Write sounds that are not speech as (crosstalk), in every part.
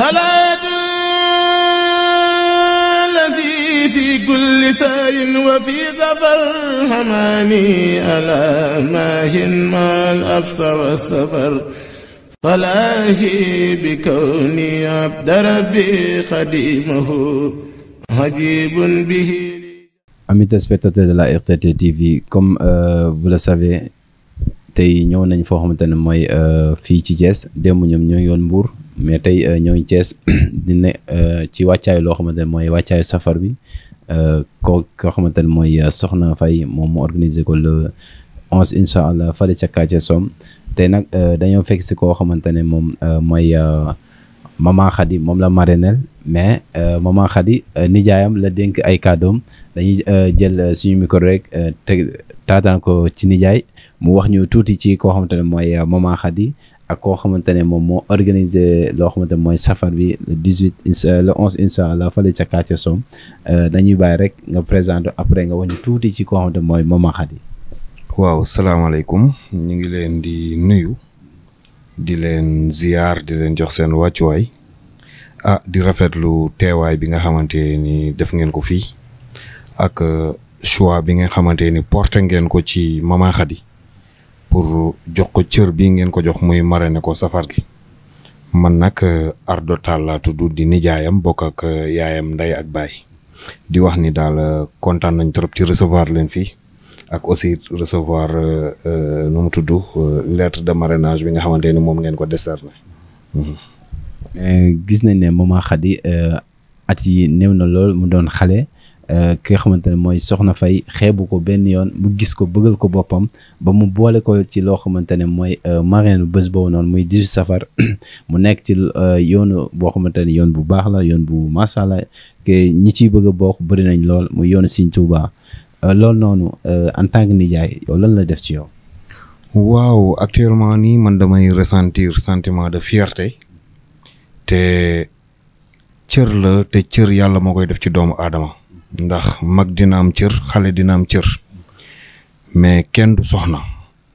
salaat lazi fi kulli saarin wa fi safar xamaani maahin maal absa safar falaahi bi kawni abda xadimahu ajibun bihi amis téléspectateurs de la RTT TV comme euh, vous tey ñëw nañ foo xamante ne mooy euh, fii ci Thiès démb ñoom ñoo ngi woon mais tey euh, ñoo ngi Thiès (clears throat) di euh, ci wàccaayu loo xamante ne mooy wàccaayu safar bi euh, koo koo xamante ne mooy Soxna fay moom mu organisé ko le onze incha allah fale ca Kaathié Somme tey nag dañoo fekk si koo xamante ne moom mooy maman moom la marinel mais maman Khady nijaayam la dénk ay kàddoom dañuy jël suñu micro rek te taataan ko ci nijaay mu wax ñu tuuti ci koo xamante ne mooy maman Khady ak koo xamante ne moom moo organiser loo xamante mooy safar bi le dix euh, le onze incha allah fële ca quartier Somme euh, dañuy bàyyi rek nga présenter après nga wax ñu tuuti ci koo xamante mooy Mama Khady. waaw salaamaaleykum ñu ngi leen di nuyu di leen ziar di leen jox seen wàccuwaay ah di rafetlu teewaay bi nga xamante ni def ngeen ko fii ak euh, choix bi nga xamante ni porté ngeen ko ci Mama Khady. pour jox ko cër bi ngeen ko jox muy marraine ko safar gi man nag euh, Ardo Tall laa tudd di nijaayam bokk ak euh, yaayam nday ak baay di wax ni daal euh, kontaan nañ trop ci recevoir leen fii ak aussi recevoir nu mu tudd lettre de marrainage bi nga xamante ni moom ngeen ko décerné. Mhm. gis nañ ne maman Khady at yi néew na lool mu doon xale. Euh, ki nga xamante ne mooy Soxna fay xeebu ko benn yoon mu gis ko bëggal ko boppam ba mu boole ko ci loo xamante ne mooy euh, marraine bés boobu noonu muy 18 safar (clears throat) mu nekk ci euh, yoonu boo xamante ne yoon bu baax la yoon bu macha allah ñi ciy bëgg a bokk bëri nañ lool mu yoonu Sëñ Tuubaa loolu noonu en tant que nijaay yow lan la def ci yow. waaw actuellement nii man damay ressentir sentiment de fierté te cër la te cër yàlla moo koy def ci doomu aadama. ndax mag dina am cër xale dina am cër mais kenn du soxna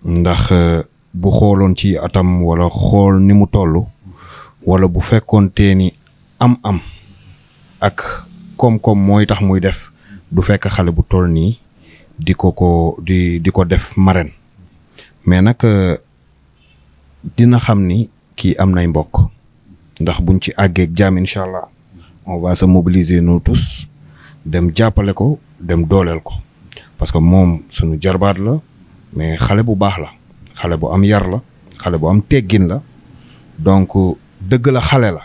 ndax euh, bu xooloon ci atam wala xool ni mu tollu wala bu fekkoonte ni am-am ak koom-koom mooy tax muy def du fekk xale bu toll nii di ko ko di di ko def marraine mais nag euh, dina xam ni kii am nay mbokk ndax buñ ci àggeeg jaam incha allah on va se mobiliser noo tous dem jàppale ko dem dooleel ko parce que moom suñu jarbaat la mais xale bu baax la xale bu am yar la xale bu am teggin la donc dëgg la xale la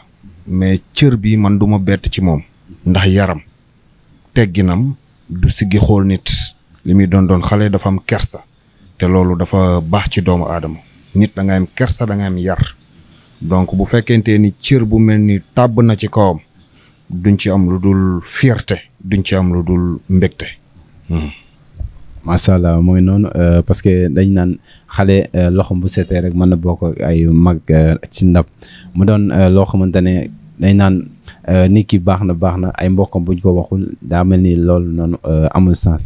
mais cër bi man duma bett ci moom ndax yaram tegginam du siggi xool nit li muy doon doon xale dafa am kersa te loolu dafa baax ci doomu aadama nit da nga am kersa da nga am yar donc bu fekkente ni cër bu mel ni tàbb na ci kawam duñ ci am lu dul fierté duñ ci am lu dul mbégte. Hmm. macha allah mooy noonu euh, parce que dañ naan xale euh, loxom bu setee rek mën na bokk ay mag euh, ci ndab mu doon loo xamante ne dañ naan nit ki baax na baax na ay mbokkam buñ ko waxul daa mel ni loolu noonu amul sens.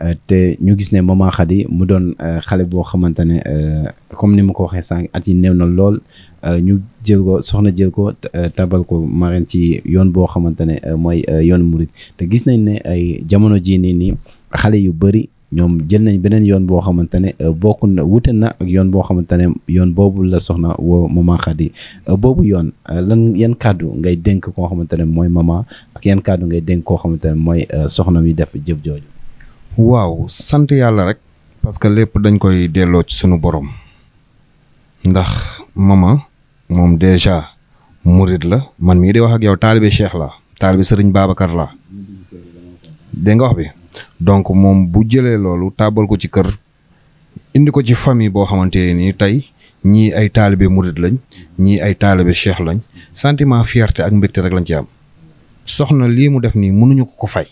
Euh, te ñu gis ne maman Khady mu doon euh, xale boo xamante ne euh, comme ni ma ko waxee sànq at yi néew na lool ñu jël ko soxna jël ko tabal ko marraine ci yoon boo xamante ne mooy yoon murit te gis nañ ne ay jamono jii nii nii xale yu bëri ñoom jël nañ beneen yoon boo xamante ne bokk na wute na ak yoon boo xamante ne yoon boobu la soxna woo maman Khady boobu yoon lan yan kàddu ngay dénk koo xamante ne mooy maman ak yan kàddu ngay dénk koo xamante ne mooy soxna mi def jëf jooju. waaw sant yàlla rek parce que lépp dañ koy delloo ci sunu borom ndax mama moom déjà murit la man mii de wax ak yow taalibe Cheikh la taalibe sëriñ Babacar la dégg wax bi donc moom bu jëlee loolu taabal ko ci kër indi ko ci famille boo xamante ni tey ñii ay taalibe murit lañ ñii ay taalibe Cheikh lañ sentiment fierté ak mbégte rek lañ ci am soxna lii mu def nii mënuñu ko ko fay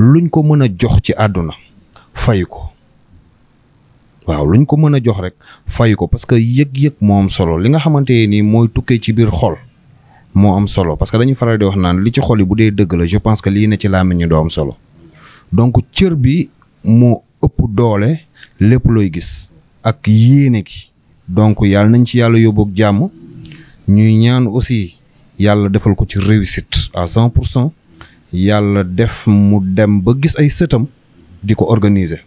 luñ ko mën a jox ci àdduna fay ko waaw luñ ko mën a jox rek fay ko parce que yëg-yëg moo am solo li nga xamante nii mooy tukkee ci biir xol moo am solo parce que dañu faral di wax naan li ci xol yi bu dee dëgg la je pense que lii ne ci làmmiñ ñu doo am solo donc cër bi moo ëpp doole lépp looy gis ak yéene ki donc yàlla nañ ci yàlla yóbbu jàmm ñuy ñaan aussi yàlla defal ko ci réussite à cent pour cent yàlla def mu dem ba gis ay sëtam di ko organiser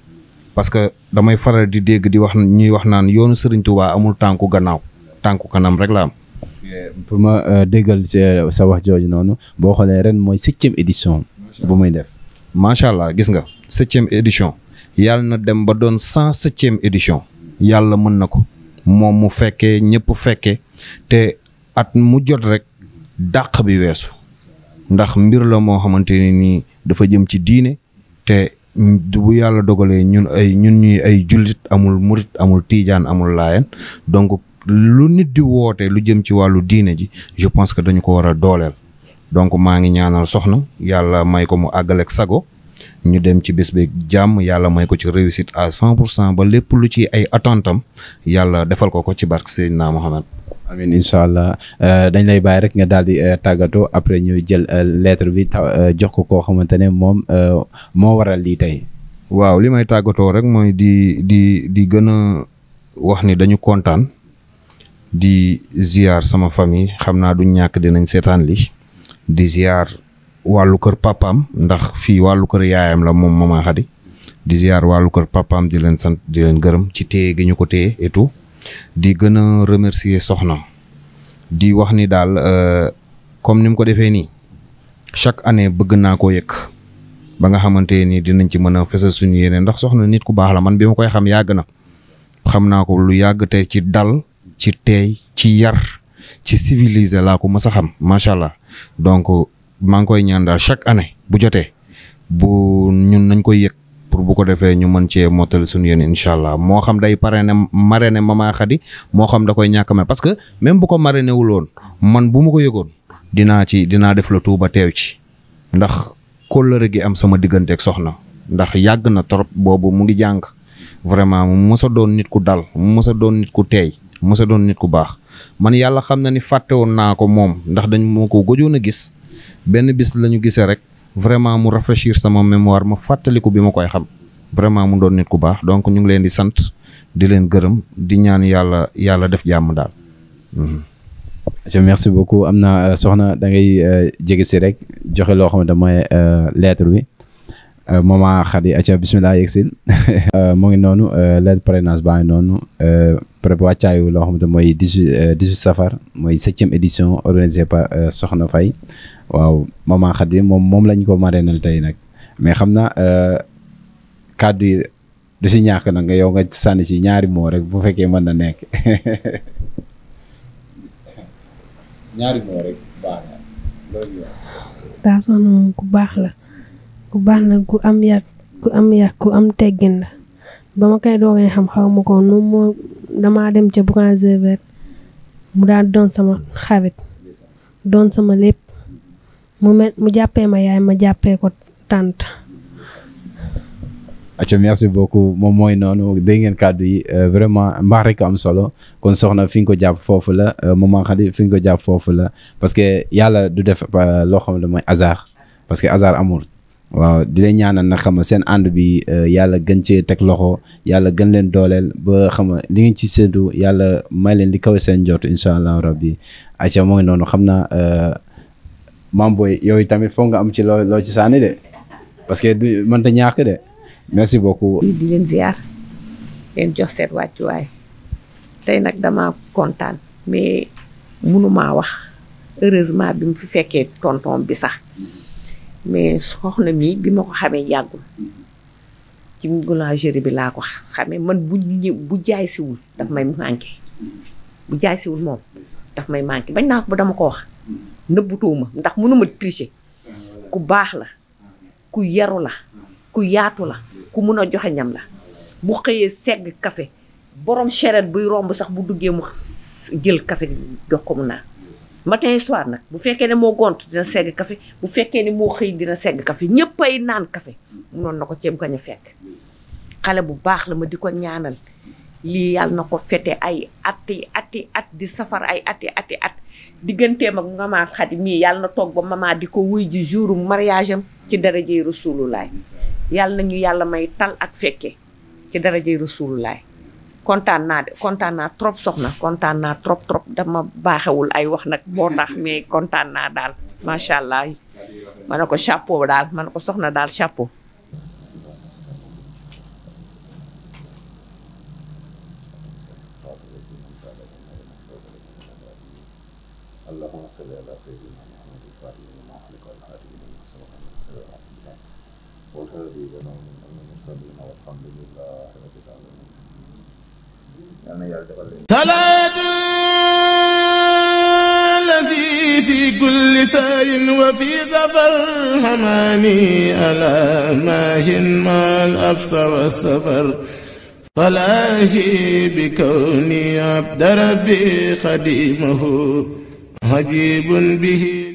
parce que damay faral di dégg di wax ñuy wax naan yoonu Serigne Touba amul tànku gannaaw tànku kanam rek la am. pour ma euh, déggal euh, sa wax jooju noonu boo xoolee ren mooy septième édition bu may def. macha allah gis nga septième édition yàlla na dem ba doon cent septième édition yàlla mën na ko moom mu fekkee ñëpp fekkee te at mu jot rek dàq bi weesu. ndax mbir la moo xamante ne nii dafa jëm ci diine te du yàlla dogale ñun ay ñun ñuy ay jullit amul murit amul tiijaan amul laayan donc lu nit di woote lu jëm ci wàllu diine ji je pense que dañu ko war a dooleel donc maa ngi ñaanal soxna yàlla may ko mu àggaleeg sago ñu dem ci bés bi jàmm yàlla may ko ci réussite à cent pour cent ba lépp lu ci ay attentam yàlla defal ko ko ci barke naa Mohamed. amin incha allah euh, dañ lay bàyyi rek nga daal di euh, tàggatoo après ñu jël euh, lettre bi jox ko koo xamante ne moom moo waral lii tey. waaw li may tàggatoo rek mooy di di di gën a wax ni dañu kontaan di ziar sama famille xam naa du ñàkk dinañ seetaan li di ziar wàllu kër pappam ndax fii wàllu kër yaayam la moom Mama Khady di ziar wàllu kër pappam di leen sant di leen gërëm ci téye gi ñu ko téye et di gën a remercier soxna di wax ni daal euh, comme ni mu ko defee nii chaque année bëgg naa ko yëg ba nga xamante nii dinañ ci mën a fesal suñu yéene ndax soxna nit ku baax la man bi ma koy xam yàgg na xam naa ko lu yàgg te ci dal ci teey ci yar ci civiliser laa ko mës a xam macha allah maa ngi koy ñaan daal chaque année bu jotee bu ñun nañ koy yëg pour bu ko defee ñu mën cee motal suñu yéen incha allah moo xam day ne marrainé Mama Khady moo xam da koy ñàkk a parce que même bu ko marrainé wul woon man bu ma ko yëgoon dinaa ci dinaa def la tuuba teew ci ndax kóllëre gi am sama digganteeg soxna ndax yàgg na trop boobu mu ngi jàng vraiment mu mës doon nit ku dal mu mës doon nit ku teey mu mës doon nit ku baax man yàlla xam na ni fàtte woon naa ko moom ndax dañ a gis. benn bis la ñu gisee rek vraiment mu rafraîchir sama mémoire ma fàttaliku bi ma koy xam vraiment mu doon nit ku baax donc ñu ngi leen di sant di leen gërëm di ñaan yàlla yàlla def jàmm daal. je mhm. merci beaucoup am na euh, soxna da ngay euh, jege si rek joxe loo xamante mooy euh, lettre bi maman Khady atia bisimilah yegg si (laughs) mu ngi noonu lettre parrainage baa ngi noonu pré wàccaayu loo xam mooy dix huit dix huit safar mooy septième édition organisée par Soxna fay waaw maman Khady moom moom lañ ko marénal tey nag mais xam na euh, kàddu yi du si ñàkk nag nga yow nga sànni si ñaari moo rek bu fekkee mën na nekk (laughs) ñaari moom ku baax la ku baax na ku am yar ku am ku am teggin la ba ma koy doogee xam xaw ma ko moom moo damaa dem ca Bougainville mu daal doon sama xarit doon sama lépp mu mel mu jàppee ma yaay ma jàppee ko tànt acca merci beaucoup moom mooy noonu dégg ngeen kàddu yi euh, vraiment mbaax rek am solo kon soxna fi nga ko jàpp foofu la euh, maman Khady fi nga ko jàpp foofu la parce que yàlla du def euh, loo ne mooy hasard parce que hasard amul. waaw di leen ñaanal nag xam seen ànd bi yàlla gën cee teg loxo yàlla gën leen dooleel ba xam li ngeen ci séntu yàlla may leen li kawe seen njort incha allah rabbi acca mooy noonu xam naa. Mame Boye yooyu tamit foog nga am ci loo loo ci sànni de parce que du mënta ñàkk de merci beaucoup. di leen ziar leen jox seen wàccuwaay tey nag dama kontaan mais mënumaa wax heureusement bi mu fi fekkee tonton bi sax mais soxna mi bi ma ko xamee yàggul ci boulangerie bi laa ko xamee man bu ñëw bu jaay siwul daf may manqué bu jaay siwul moom daf may manqué bañ naa ko ba dama ko wax. ma ndax mënuma tricher ku baax la ku yaru la ku yaatu la ku mun a joxe ñam la bu xëyee segg kafe borom charrette buy romb sax bu duggee mu jël café jox ko mu naan matin et nag bu fekkee ne moo gont dina segg café bu fekkee ne moo xëy dina segg café ñëpp ay naan café munoon na ko ceeb kañ a fekk xale bu baax la ma di ko ñaanal lii yàlla na ko fete ay atti atti at di safar ay atti atti at digganteem ak maman Khady mii yàlla na toog ba maman di ko wuy ji jouru mariage am ci darajey Rasulullah yàlla na ñu yàlla may tal ak fekke ci darajey Rasulullah kontaan naa kontaan naa trop soxna kontaan naa trop trop dama baaxewul ay wax nag boo tax mais kontaan naa daal macha allah ma ne ko chapeau daal ma ne ko soxna daal chapeau. اللهم صل على سيدنا محمد الفاتح لما أغلق والهادي لما سبق الناصر الحمد لله والهادي لنا من المرسلين والحمد لله رب العالمين صلاة الذي في كل سار وفي ظفر هماني ألا ماهن ما الأبصر والسفر فلاهي بكوني عبد ربي خديمه ajibun bihi